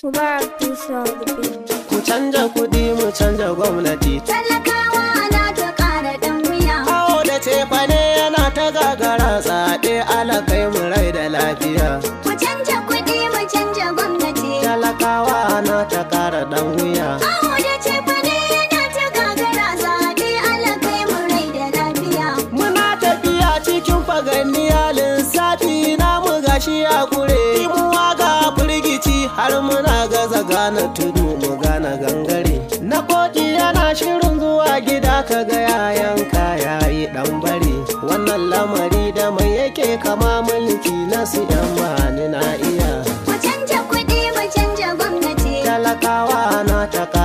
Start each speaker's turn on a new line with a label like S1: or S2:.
S1: Ku ba
S2: Ku canja kuɗi mu canja gwamnati.
S1: Talakawa na ta ƙara ɗan wuya. Awo da
S2: cefane yana ta gagara tsaɗe ala mu rai da lafiya.
S1: Ku canja kuɗi mu canja gwamnati.
S2: Talakawa na ta ƙara ɗan wuya.
S3: Awo da cefane yana ta gagara tsaɗe ala mu rai da lafiya. Muna tafiya cikin faganniya lissafi na mu gashi a ci har
S2: muna gaza gana tudu mu gana gangare na koji yana shirin zuwa gida kaga ga yayan kaya yi dan bare wannan lamari da mai yake kama mulki na su yan mani na iya mu
S4: canja kuɗi mu canja
S3: gwamnati
S2: talakawa na taka